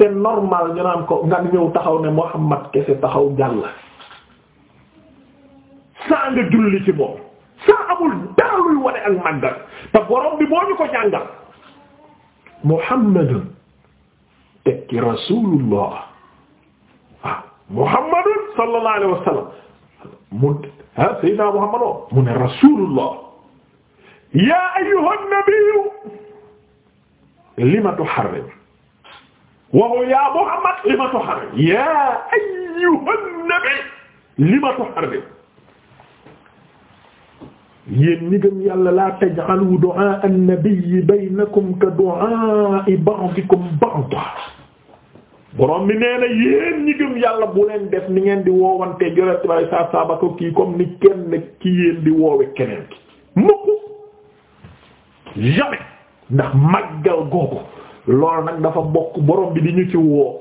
c'est normal ñu naan ko nga ñëw taxaw ne Muhammad kese taxaw jàll saa nga julli ci moom saa amul dara luy wane ak màggal te borom bi moo ñu ko jàngal Muhammadun tekki rasulullah waaw Muhammadun sallallahu alayhi wa sallam mu ah Seydina Muhammad oo mu ne rasulullah yaa ayyuhan nabiyyu lima tuharrim waxu yaa Muhammad li ma tuhar yaa ayyuhan nabi li ma tuhar yéen ñi gëm yàlla laa taj'alu du'a an-nabi baynakum ka du'a ba'dikum ba'da borom bi nee na yéen ñi yàlla bu leen def ni ngeen di woowante jërëjëf ay saa saaba ko kii comme ni kenn ki yéen di woowe keneen ki mukk jamais ndax màggal googu. loolu nag borom bi di ñu ci woo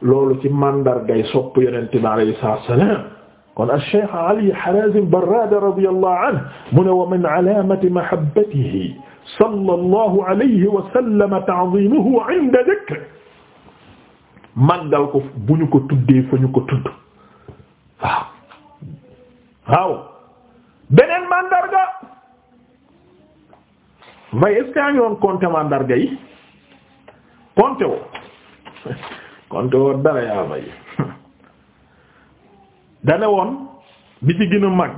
loolu ci mandargay sopp yonente bi alayhi salaam kon ash-Shaykh Ali Harazim Barrada radiyallahu anhu mu ne wa min alaamati mahabbatihi sallallahu alayhi wa sallam ta'zimuhu 'inda ko bu ñu ko tuddee fa ñu ko tudd konte woo konte woo dara yaa bay dane woon bi ci gën mag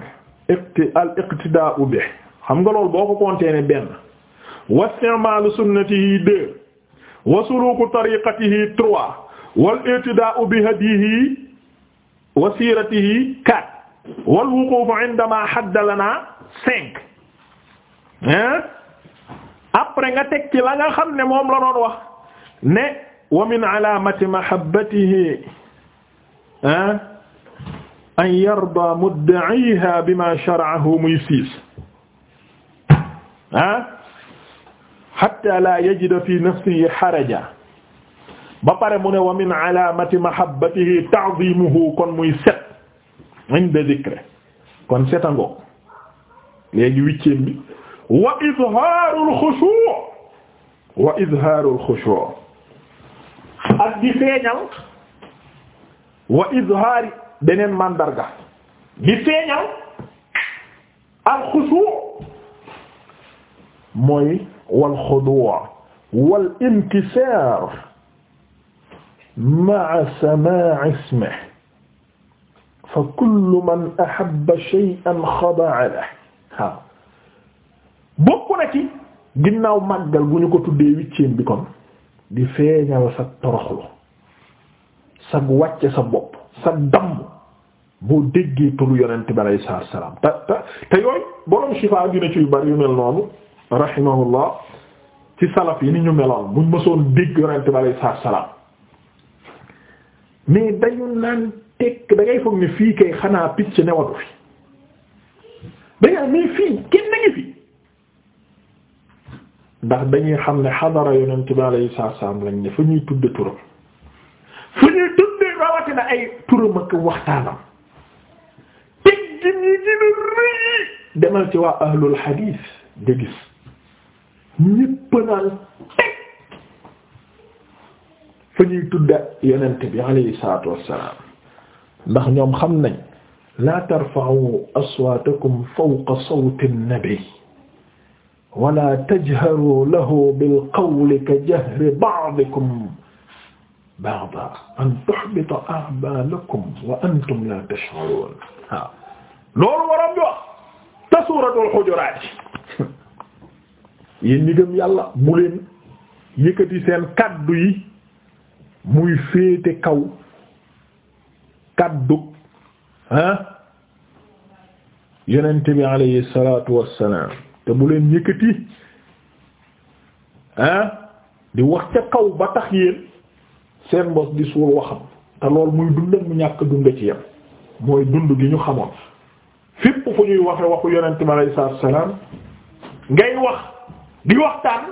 al iqtidaa bi xam nga loolu boo ko kontee ne benn wa isti'maal sunnatihi deux wa suluku tariqatihi trois wal i'tidaa bi hadihi wa siiratihi quatre wal wuquuf indama hadda lana cinq hein après nga teg ci la nga xam ne moom la doon wax ne wa min alaamati mahabbatihi ah, an yarda mudda'iha bima shara'ahu muy siis ah hatta la yajida fi nafsihi haraja ba pare mu ne wa min alaamati mahabbatihi ta'zimuhu kon muy set inda dhikri kon setango léegi huitième bi wa izhaarul xushu' wa izhaarul xushu' ak di feeñal wa izhaari beneen mandarga di feeñal al xusu mooy wal xudu' wal inkisaar ma'a samaa' ismihi fa kullu man ahabba shay'an xada'a lahu waaw bokk na ci ginnaaw màggal bu ñu ko tuddee huitième bi kon di feeñal sa toroxlu sa wàcce sa bopp sa damm boo déggee turu yonent bi alayhi sa salaam te te te yooyu borom shifa dina ci yu bari yu mel noonu rahimahullah ci salaf yi ni ñu meloon buñ mësoon dégg yonent bi alayhi salaatu salaam mais dañu naan tekk da ngay foog ne fii kay xanaa picc newatu fi da fii kenn ngi fi. ndax dañuy xam ne xadara yonent bi alayhi salaam lañ ne fu ñuy tudde turam fu ñuy tudde rawatina ay turam ak yi gën a rëy demal ci wa ahlul hadis da gis ñépp naan teg fu ñuy tudde yonent bi alayhi salaatu wassalaam ndax ñoom xam nañ laa tarfa'u aswaatakum fawqa sawti an-nabi wala tajharu lahu bil qawli ka jahri ba'dikum ba'dan an tuhbita a'maalakum wa antum laa tash'uruun waaw loolu waroon jox te suuratul Hujuraat yéen ñi gëm yàlla bu leen yëkkati seen kaddu yi muy féete kaw kaddu ah yonent bi alayhi salaatu wassalaam te bu leen yëkkati ah di wax ca kaw ba tax yéen seen bos di suul waxam te lool muy dund mu ñàkk dund ci yam mooy dund gi ñu xamoon fépp fu ñuy waxe waxu yonent bi alayhi salaatu salaam ngay wax di waxtaan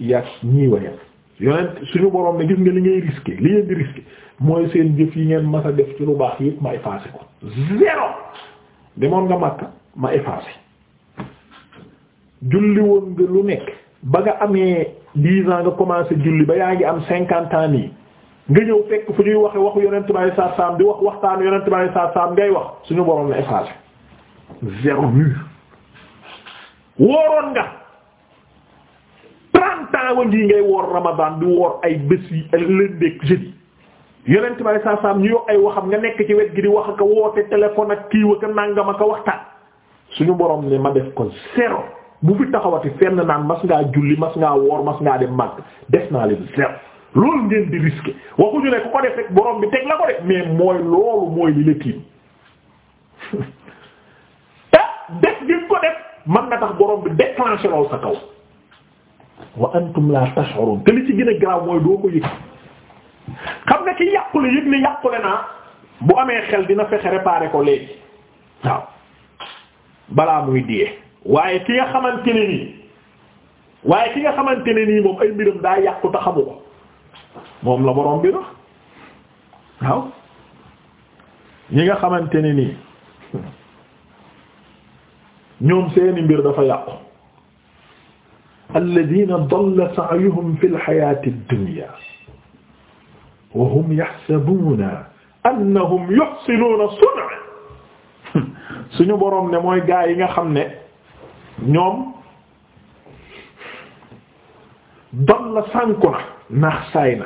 yaa ñii wayal yonent suñu borom ne gis nga li ngay risqué li ngeen di risqué mooy seen jëf yi ngeen mas a def ci lu baax yi ma effacé ko zéro demoon nga Makka ma effacé julli woon nga lu nekk ba nga amee dix ans nga commencé julli ba yaa ngi am cinquante ans nii nga ñëw fekk fu ñuy waxe waxu yonent bi saa di wax waxtaanu yonent bi saa saam ngay wax suñu borom la effacé zéro mur wooroon nga trente ans wa ngay woor Ramadan di woor ay bés yi lundi ak jeudi yonent bi saa saam ñu ay waxam nga nekk ci wet gi di wax ak woote téléphone ak kiiwa ka nàngama ka waxtaan suñu borom ne ma def ko zéro bu fi taxawati fenn naan mas ngaa julli mas ngaa woor mas ngaa dem mag des naa leen zéro loolu ngeen di risqué waxuñu ne ku ko def rek borom bi teg la ko def mais mooy loolu mooy li la tiim te def gi ko def mën na tax borom bi déclenché lool sa kaw wa antum la tash'urun te li ci gën a mooy doo ko yëg xam nga ki yàqule yëg ni yàqule naa bu amee xel dina fexe réparer ko léegi waaw balaa muy diyee waaye ki nga xamante ne nii ki nga xamante ne nii moom ay mbiram daa yàqu te xamu moom la borom bi na waaw nga xamante ne nii ñoom seeni mbir dafa yàqu alladina dalla sa'yuhum fi lxayati ad-dunya wa hum yaxsabuuna annahum yuxsinuuna sun'a suñu borom ne mooy gaa yi nga xam ne ñoom don la sànku na naax saay na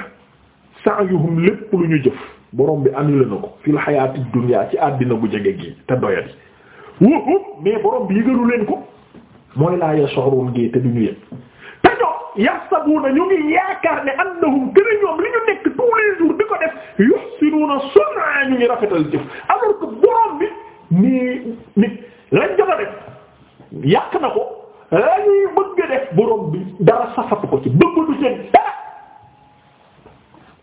sa'yuhum lépp lu ñu jëf borom bi am na ko fil xayaati dunya ci àddina bu jege gi te doyati wóob mais borom bi yëgalu leen ko mooy laa yashurun gi te du ñu yëg te ñoom yahsabuna ñu ngi yaakaar ne annahum gën a ñoom li ñu nekk tous les jours ko def yuhsinuna sun'a ñu ngi rafetal jëf alors que borom yàq na ko la bëgg def borom bi dara safatu ko ci bëgg du seen dara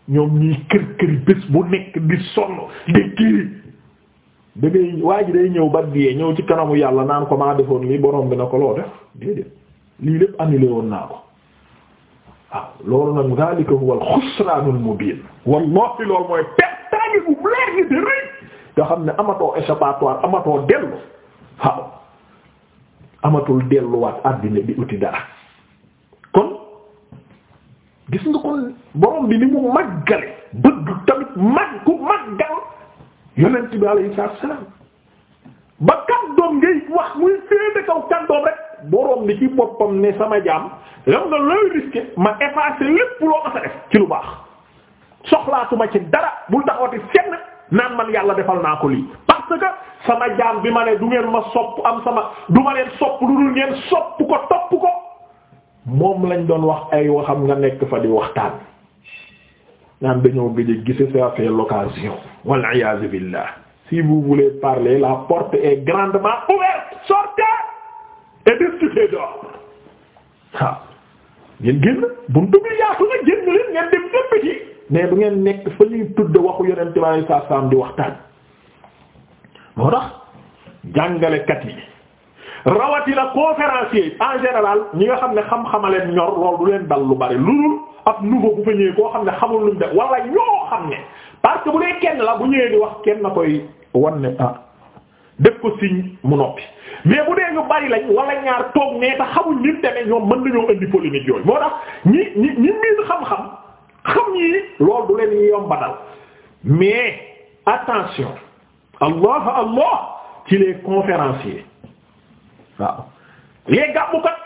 ñoom ñuy kër këri bés bu nekk di sonn di kii da ngay ji day ñëw ba diyee ñëw ci kanamu yàlla naan ko maa defoon lii borom bi na ko loo def déedéet lii lépp annulé woon naa ko waaw loolu nag zalika huwa al-xusraanul mubiin wallahi loolu mooy perte gi bu leer gi di rëy nga xam ne amatoo échappatoire amatoo dellu waaw amatul delluwaat àddina bi uti dara kon gis nga kon borom bi ni mu màggale bëgg tamit mag ku màggal yonent bi alayhi salaam ba kàddoom ngay wax muy féete kaw kàddoom rek borom bi ci boppam ne sama jaam yow nga looy risqué ma effacer lépp loo masa def ci lu baax soxlaatuma ci dara bul taxawati fenn naan man yàlla defal naa ko lii parce que sama jaam bi ma ne du ngeen ma sopp am sama du ma leen sopp lu dul ngeen sopp ko topp ko moom lañ doon wax ay waxam nga nekk fa di waxtaan naan dañoo gëj gise ça fait l'occasion wal iyaazu billah si la porte est grandement ouverte sortez ngeen génn buntu bi yaatu na génn ngeen nekk fa ñuy tudd waxu yonent bi sallallahu alayhi di waxtaan moo tax jàngalekat yi rawatina conférenciers yi en général ñi nga xam ne xam-xamaleen ñor loolu du leen dal lu bari lu dul ab nouveau bu fa ñëwee koo xam ne xamul lu mu def wala ñoo xam ne parce que bu dee kenn la bu ñëwee di wax kenn na koy wan ne ah def ko signe mu noppi mais bu dee ñu bari lañ wala ñaar toog nee te xamuñ nit demee ñoom mën nañoo indi polémique yooyu moo tax ñi ñi ñi miin xam-xam xam ñi loolu du leen yomba dal mais attention. allah allah ci les conférenciers waaw les gàmmukat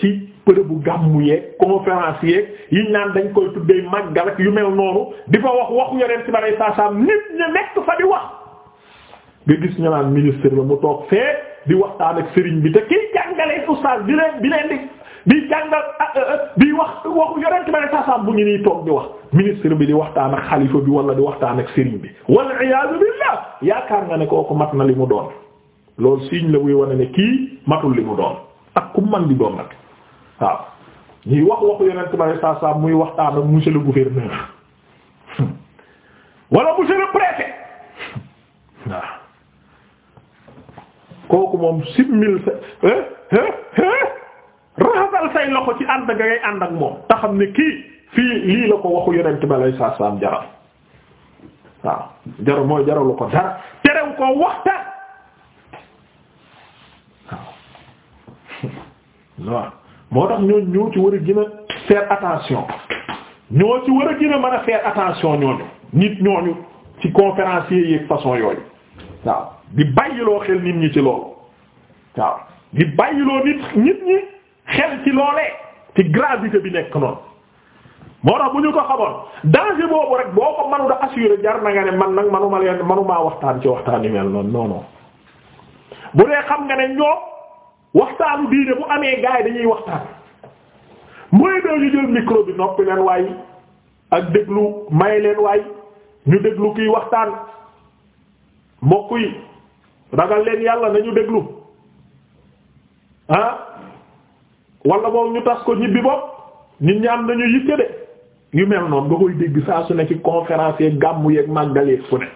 ci bërëbu gàmmu yeeg conférenciers yi naan dañ koy tuddee màggal ak yu mel noonu di fa wax waxu yoreen ci bare saa saa nit ña nekk fa di wax nga gis ñu naan ministre la mu toog fee di waxtaan ak sëriñ bi te kiy jàngalee oustaz bi leen bi leen di di jàngal ah, euh, euh, di wax waxu yoreen ci bare saa bu ñu nii toog di wax ministre bi di waxtaan ak xalifa bi wala di waxtaan ak sëriñ bi wal iyaadu billah yaakaar nga ne kooku mat na li mu doon loolu signe la muy wane ne kii matul li mu doon ak ku man di doon nag waaw ñuy wax waxu yonent bari saa saa muy waxtaan ak monsieur le gouverneur wala monsieur le préfet waaw kooku moom simmil sa raxasal say loxo ci ànd nga ngay ànd ak moom te ne kii fii lii la ko waxu yonent bi alayhi salaam jaral waaw jaral mooy jaralu ko dara terew ko waxtaan waaw moo tax ñooñ ñoo ci war a gën a attention ñoo ci war a gën a a faire attention ñooñu nit ñooñu ci conférenciers yi façon yooyu waaw di bàyyiloo xel nit ñi ci loolu waaw di bàyyiloo nit nit ñi xel ci loolee ci gravité bi nekk noonu moo tax bu ñu ko xamoon danger boobu rek boo ko mënu da assurer jar na ne man nag manuma leen manumaa waxtaan ci waxtaan yu mel noonu non non bu dee xam nga ne ñoo waxtaanu diine bu amee gars dañuy waxtaan mooy bi noppi leen waay ak déglu may leen waay déglu kiy waxtaan mbokk yi ragal leen yàlla nañu déglu ah wala moom ñu tas ko ñibbi bopp nit ñi am nañu yitte de yu mel noonu nga koy dégg saa su ne ci conférence yeeg gàmmu yeeg màggalee fu ne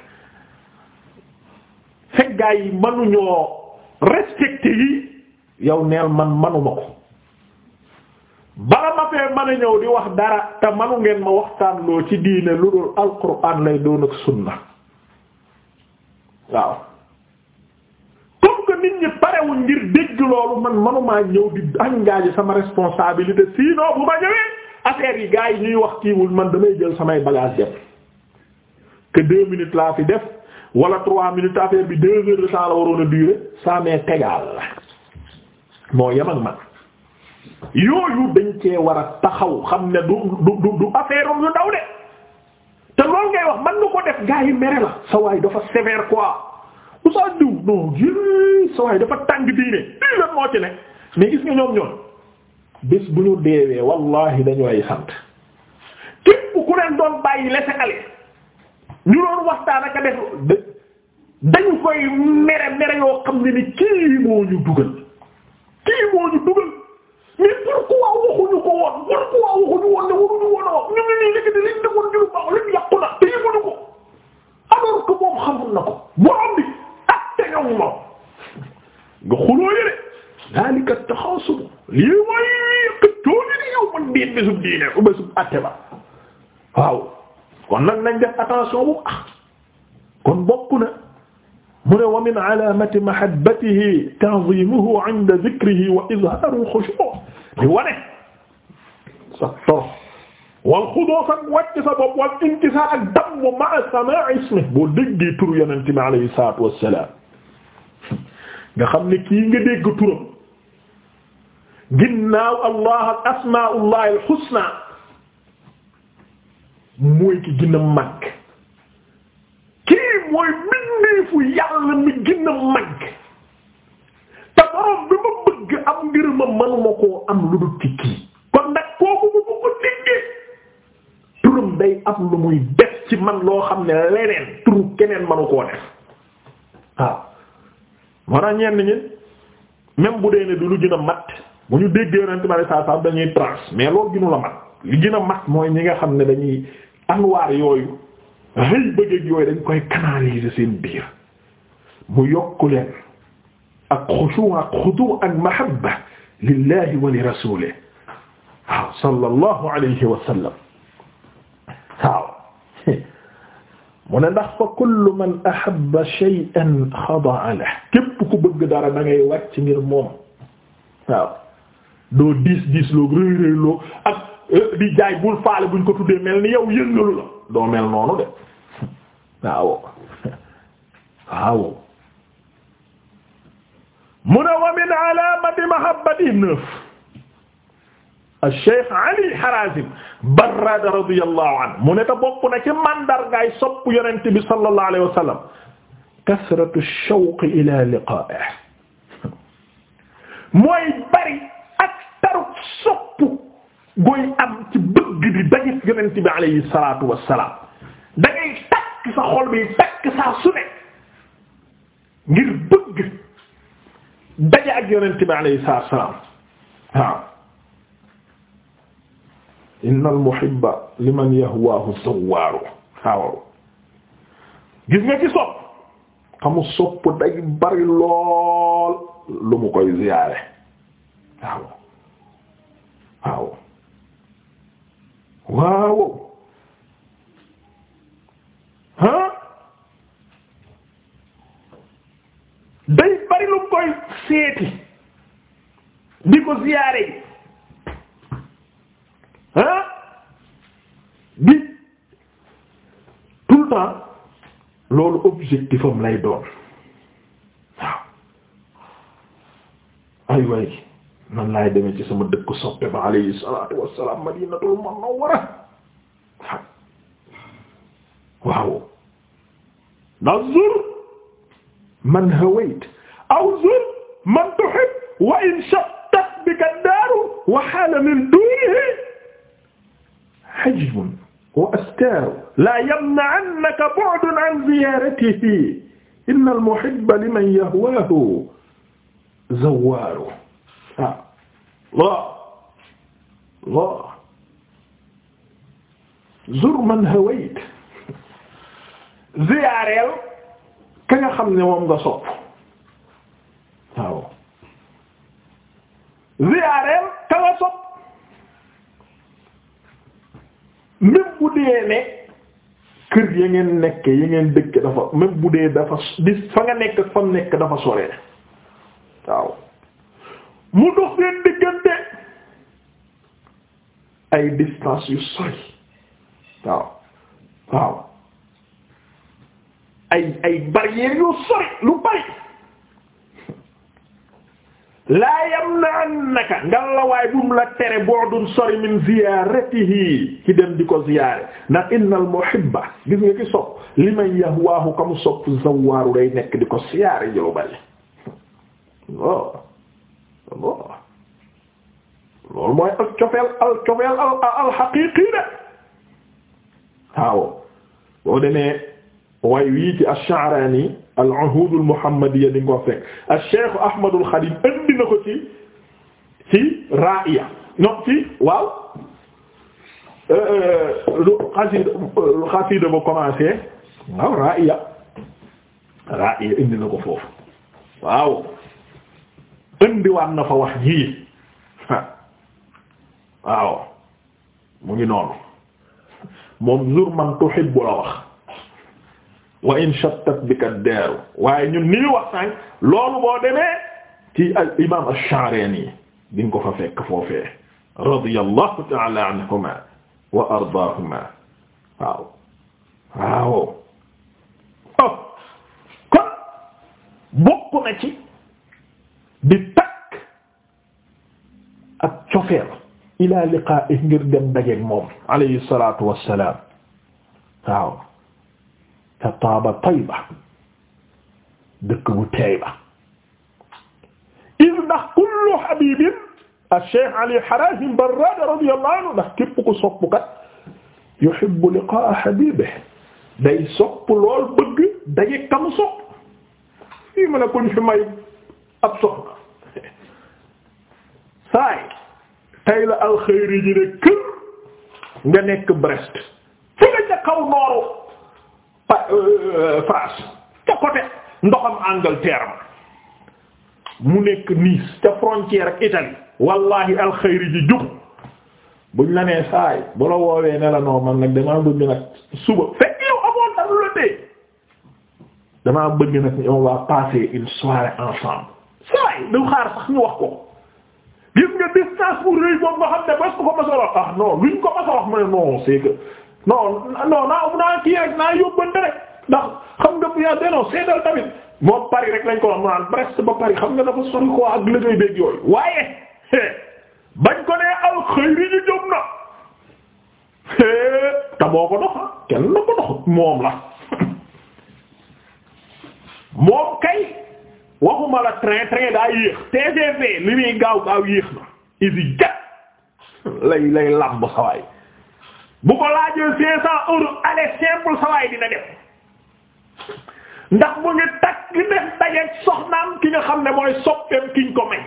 fekk gaa yi manuñoo respecté yi yow neel man manuma ko bala ma fee mën a ñëw di wax dara te manu ngeen ma waxtaanloo ci diine lu dul alquran lay doon ak sunna waaw comme que nit ñi parewuñ ngir dégg loolu man manumaa ñëw di engagé sama responsabilité sinon bu ma ñëwee affaire yi gars yi ñuy wax kiiwul man damay jël samay bagage def que deux minutes laa fi def wala trois minutes affaire bi deux heures de temps la waroon a durer ça moo yem ak man yooyu dañ cee war a taxaw xam ne du du du affaire yu ndaw de te loolu ngay wax man nga ko def gars yi mere la sa waay dafa sévère quoi usa diw non jé sa waay dafa tàng diine lii lan moo ci ne mais gis nga ñoom ñoon bés bu ñu deewee wallahi dañu ay sant képp ku leen doon bàyyi laisser aller ñu doon waxtaan ak a def dañu koy mere mere yoo xam ne ni kii moo ñu dugal kii moo ñu dugal mais pourquoi waxuñu ko woon pourquoi waxuñu woon ne waruñu woon a wax ñu ngi nii léegi di liñ defoon ñu baax liñ yàqu na te yëgunu ko alors que moom xamul na ko borom bi ak ah, tegaw moom nga xuloo yëre daalika taxaasum lii mooy xëccoo li di yow man diin bésub diine bu bésub atte ba waaw kon nag nañ def attention bu baax kon bokk na mu ne wa min alaamati mahabbatihi ta'zimuhu 'inda dhikrihi wa izhaaru khushu' di wane sa toro wal xudoo sa wàcc sa bopp wal inkisaa ak damm ma'a samaa'i ismi boo déggee tur yonente bi alayhi salaatu wassalaam nga xam ne kii nga dégg turam ginnaaw allah ak asmaullahi alxusna mooy ki gën mag kii mooy bindeefu yàlla mi gën mag te bi ma bëgg am ngir ma manuma koo am lu dul ci kii kon nag kooku bu ko déggee turam day am lu muy def ci man loo xam ne leneen turu keneen manu koo def waaw moo tax ñenn ñi même bu dee ne du lu gën mat bu ñu déggee yonent bari saa saa dañuy transe mais loolu gënu la mat li gën a mat mooy ñi nga xam ne dañuy anwaar yooyu rëy bëgg yooyu dañ koy canaliser seen biir mu yokk leen ak xushu ak xudu ak mahabba lillahi wa li rasulih waaw sallallahu alayhi mu ne ndax fa kullu man ahabba shay'an xadaa ku bëgg dara da ngay wàcc ngir moom waaw doo diis diis loog rëy rëy loog ak euh, di jaay bul faale buñ ko tuddee mel ni yow yëngalu la doo mel noonu de waaw waaw mu ne wa min alaamati mahabbati neuf Cheikh Ali Harazim Barrada radiyallahu anhu mu ne te bokk na ci mandargaay sopp yonent bi sallallahu alayhi wa sallam kasratu shawq ila liqaa'ihi mooy bari ak soppu goy am ci bëgg di dajit yonent bi alayhi salaatu wassalaam da ngay takk sa xol bi takk saa su ne ngir bëgg daje ak yonent bi alayhi salaatu wassalaam waaw inna al muhibba liman yahwaahu zawwaaru waaw gis nga ci sopp xamu sopp day bari lool lu mu koy ziyaare waaw waaw waaw ah day bari lu koy seeti di ko ziyaare yi ah di tout le temps loolu objectifam lay doon ay waay nan laay demee ci sama dëkk soppe ba alayhi salaatu wassalaam madinatul munawwara waaw ndax zur man hawayt aw zur man tuhib wa in shattat bika daaru wa haala min duunihi hajbun wa astaaru laa yamna'annaka bu'dun an ziyaaratihi inna al-muhibba liman yahwaahu zawwaaru waaw ah. waaw zur man hawayt ziyaareel ka nga xam ne moom nga sopp waaw ziyaareel ka nga sopp même bu dee ne kër ya ngeen nekk ya ngeen dëkk dafa même bu dee dafa di fa nga nekk fa nekk dafa soree waaw mu dox seen diggante ay distance yu sori waaw waaw ay ay barrières yu sori lu bari laa yamna'annaka ngallaawaay bu mu tere bu'dun sori min ziyaaratihi ki dem di ko ziyaare ndax innal muhibba liman yahwaahu kamu sopp zawaaru day nekk di ko siyaare jëlu bon loolu mooy ak cofeel al cofeel al al xaqiqi de waaw boo demee al-Uhud al al-Khadim indi waaw euh, euh, lu xasida lu xasida commencé waaw ko foofu waaw indiwaat na fa wax ji waaw mu ngi noonu moom zur man tuhibbu la wax wa in shattat bika ad-dar waaye ni wax sànq loolu boo demee al imam ash-Sha'rani di nga fa fekk foofee radiyallahu ta'ala anhuma wa ardaahuma waaw waaw oh. kon bokk di takk ak cofeel ila liqaa'i ngir dem dajeek moom alayhi salaatu wassalaam waaw te taaba tayba dëkk bu teey ba is ndax kullu habibin ash-shaykh ali harazim barrad radiyallahu anhu ndax képp ku soppkat yuhibbu liqaa'a habibihi day sopp lool bëgg dajeek kam sopp fii ma ne ko ñu fi may ab soxna saay tey la alxeyri ji ne kër nga nekk Brest fu nga ca kaw nooru pa- euh, France ca côté ndoxam Angleterre mu nekk Nice ca frontière ak Italie wallahi alxeyri ji jub buñ la nee saay bu woowee ne la noo man nag damaa bëgg nag suba fekk yow amoon tam lu la dee damaa bëgg nag on va passer une soirée ensemble saay du xaar sax ñu wax ko gis nga distance bu rëy boobu nga xam ne bés bu ko mos a wax ah, a naa kii rek naa yóbbante rek ndax xam nga bu yaa denoo seetal tamit moom Paris rek ko wax mu naan presque ba Paris xam nga dafa sori ko ak liggéey beeg yooyu waaye bañ ko nee alxëyri ñu jóg na te boo ko dox ah, kenn ko dox moom la moom kay. waxuma la train train daa yéex TGV li muy gaaw gaaw yéex na isi jat lay lay làmb sawaay bu ko laajee cinq cent euros aller simple sawaay dina def ndax mu ngi takk def dajeeg soxnaam ki nga xam ne mooy soppeem ki ñu ko may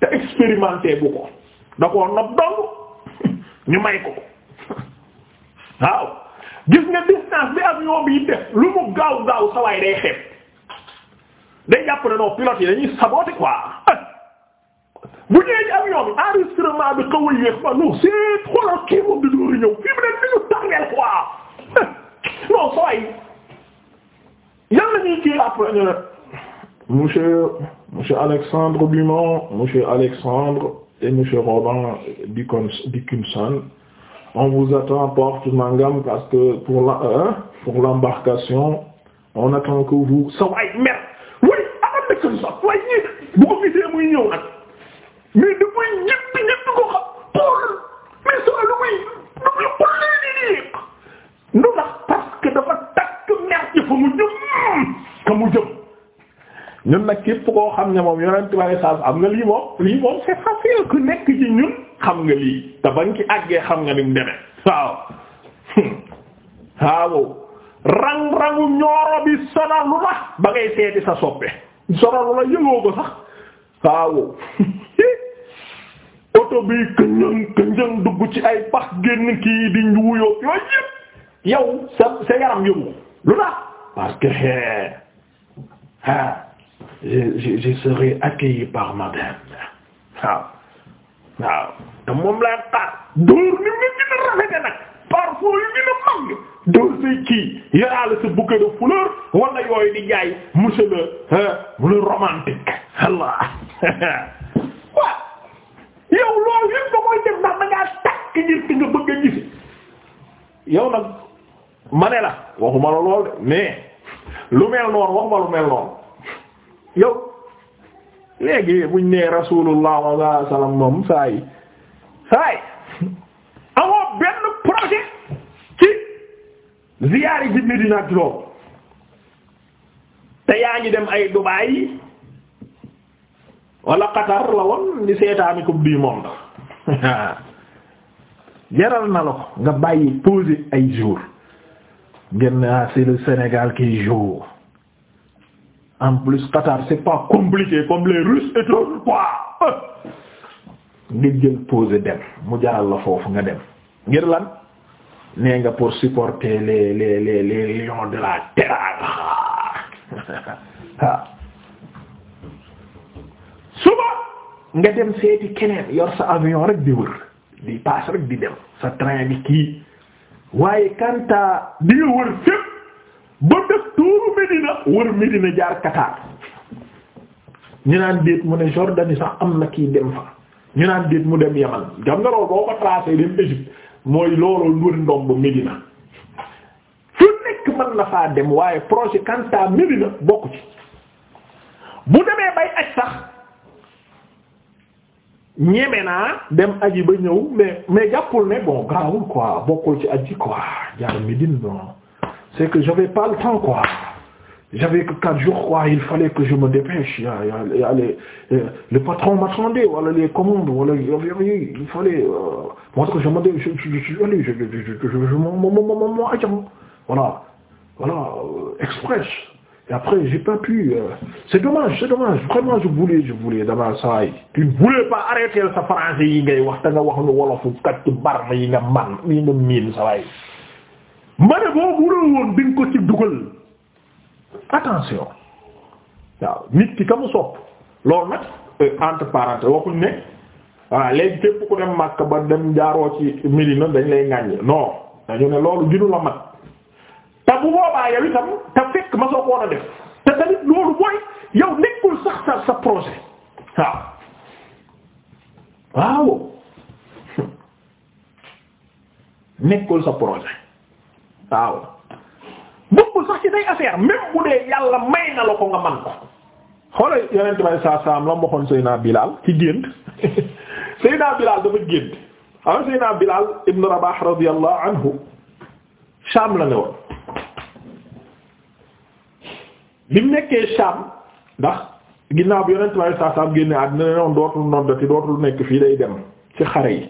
te expérimenté bu ko da koo nob dong ñu may ko waaw gis nga distance bi avion bi def lu mu gaaw gaaw sawaay day xeeb day jàpp ne pilote yi dañuy saboter quoi bu ñëwee ci avion bi enregistrement bi xaw a yéex ma non c'est xoolal kii moom di dóori ñëw fii mu ne ni ñu tàngeel quoi non sooy yàlla ñuy kii après ñu ne monsieur monsieur Alexandre Dumont monsieur Alexandre et monsieur Robin Dickinson on vous attend porte Mangam parce pour la pour l'embarcation on attend que vous. sa waay mer bu ko gisee muy ñëw nag mais da koy ñëpp ñëpp ko xam pool mais soo lu muy lu muy xollee di diiq lu tax dafa takk mer ci fa mu jëm ka mu jëm ñun nag képp koo xam ne moom yonent bale saas am nga lii moom lii moom c'est facile ku nekk ci ñun xam nga lii te bañ ci àggee xam nga ni mu demee waaw waaw rang rangu ñooro bi sonal lu tax ba ngay seeti sa soppe soral la yëgoo ko sax waaw oto bi këñëng këñëng dugg ci ay pax génn kii di njuuyoo yooyu yëpp yow sa sa yaram yëngu lu tax parce que ah je je serai accueilli par madame waaw waaw te moom lay xaar dóor ni kii yaraale sa bouquet de fleurs euh, yow loolu yëpp da koy def ndax takk ngir ci nga bëgg a gisi yow nag ma waxuma la lool de mais lu mel noonu waxuma lu mel noonu yow léegi buñ nee rasulullah sallallahu alayhi wasallam moom saa yi saa yi amoo benn projet ziyaar yi ci Medina ci te yaa ngi dem ay Dubaay yi wala Qatar la woon ni seetaani coupe du monde jaral na la ko nga bàyyi poser ay jour ngeen ah c'est le Sénégal qui joue en plus Qatar c'est pas compliqué comme les Russes et tout jël poser dem mu jaral la foofu nga dem ngir lan. nee nga pour supporter les les les les lions de la terre waaw ah. suba nga dem seeti keneen yor sa avion rek di wër di paas rek di dem sa train bi kii waaye kanta di nga wër fépp ba def tuuru Medina wër Medina jaar Qatar ñu naan déet mu ne Jordanie sax am na kii dem fa ñu naan déet mu dem Yaman gam nga loolu boo ko dem Égypte mooy looloo wër ndomb Médina fu nekk mën na faa dem waaye projet Kanta Médina bokku bu demee bay aj sax ñeme naa dem aji ba ñëw mais mais jàppul ne bon gaawul quoi bokkul ci aji quoi jaar Médine non c'est que j'avais pas temps quoi j'avais que quatre jours il fallait que je me dépêche a y a, a les, euh, le patron m'attendait voilà les commandes voilà il fallait euh, moi que je me je suis allé je je je mon agent voilà voilà euh, express et après j'ai pas pu c'est dommage c'est dommage vraiment je voulais je voulais dama saa yi tu ne voulais pas arrêter sa français yi ngay wax te nga wax lu wolofu kat barma yi nga man yi nga miin sa waay ma ne boo wuroo woon bi nga ko attention waaw nit ki ka mu sopp loolu nag euh, entre parenthèses waxuñ ne voilà ah, léegi képp ku dem Makka ba dem jaaroo ci Médina dañ lay ŋàññi non dañu ne loolu ginu la mat te bu boobaa yow itam te fekk ma soo def te tamit loolu mooy yow nekkul sax sa sa projet waaw waaw nekkul sa projet waaw say affaire même bu dee yàlla may na la ko nga man ko xoola yonent may saa saam la waxoon Seydina Bilal ci gént Seydina Bilal dafa gént am Seydina Bilal ibn Rabah radiyallahu anhu Sham la ne woon bi mu nekkee Sham ndax ginnaaw bi yonent may saa génne àddina ne woon dootul noddati dootul nekk fii day dem ci xare yi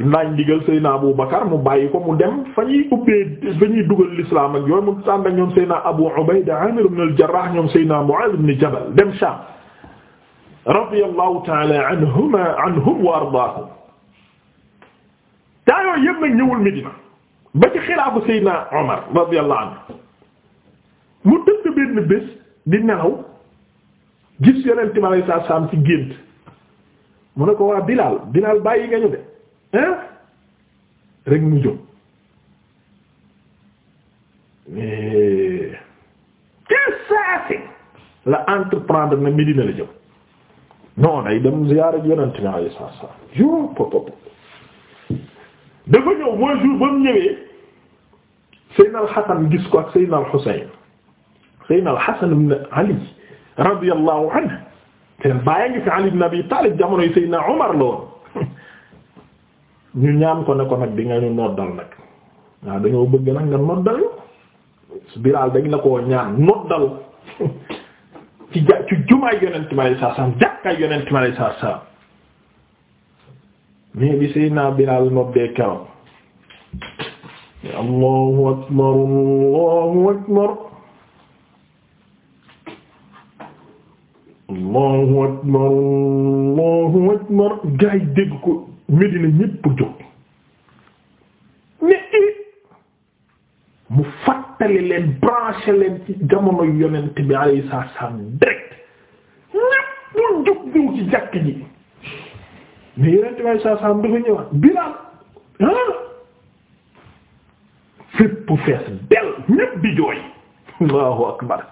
naañ ndigal Seyna Abu Bakar mu bàyyi ko mu dem fa ñuy ubbee fa ñuy dugal l'islam ak yooyu mu ànd ak ñoom Seyna Abu Ubayda Amir ibn al-Jarrah ñoom Seyna Mu'adh ibn Jabal dem Sham radiyallahu ta'ala anhuma mu tëdd benn bés di nelaw gis Yonent mi alayhi salaam ci gént mu ne ko waa Bilaal Bilaal bàyyi nga ñu de hein rek mu jóg ci saasi la entreprendre na Medina la jëm non day dem ziyaara yonent bi alayhi salaatu salaam jour popop dafa ñëw mooy jour ba al-Hasan gis ko ak al hasan ibn Ali radiyallahu anhu seen baay a Ali ibn Abi Talib jamonoy Seydina Umar la woon ñu ñaan ko ne ko nag di nga ñu noddal nag waaw dañoo bëgg nag nga noddal Bilaal dañ la koo ñaan noddal ci ja ci jumaay yonent mi alayhi salaam jàkkaay yonent mi alayhi salaam mais bi Seydina Bilaal noddee keroog Allahu akbar Allahu akbar Allahu akbar Allahu akbar gaay dégg ko Medina ñépp jóg ne mu fàttali leen branché leen ci jamono yonent bi alayhi salaam direct ñépp jóg ñëw ci jàkk ji mais yonent bi dafa ñëwaat Bilaal ah fépp fees del ñépp di jooy Allahu akbar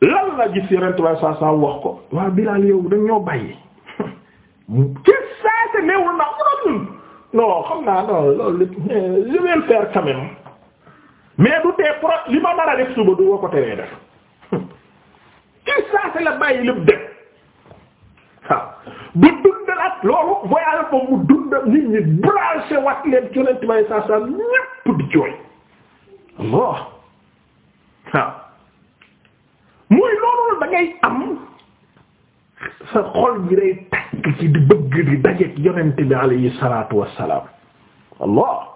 lan la gis yonent bi wax ko waa Bilaal yow dañ ñoo bàyyi ci saa si néewul ndax mu doon non xam naa non loolu je vais le faire quand même du tee pro li ma nar def suba du ko teree def ci saa si la bàyyi lépp def waaw bu dundal ak loolu voyage boobu mu dundal nit ñi branché wat leen ci leen tubaab yi saa saa di jooy Allah waaw muy loolu da am. sa xol bi day takk ci di bëgg di dajeek yonent bi alayhi salaatu wassalaam allah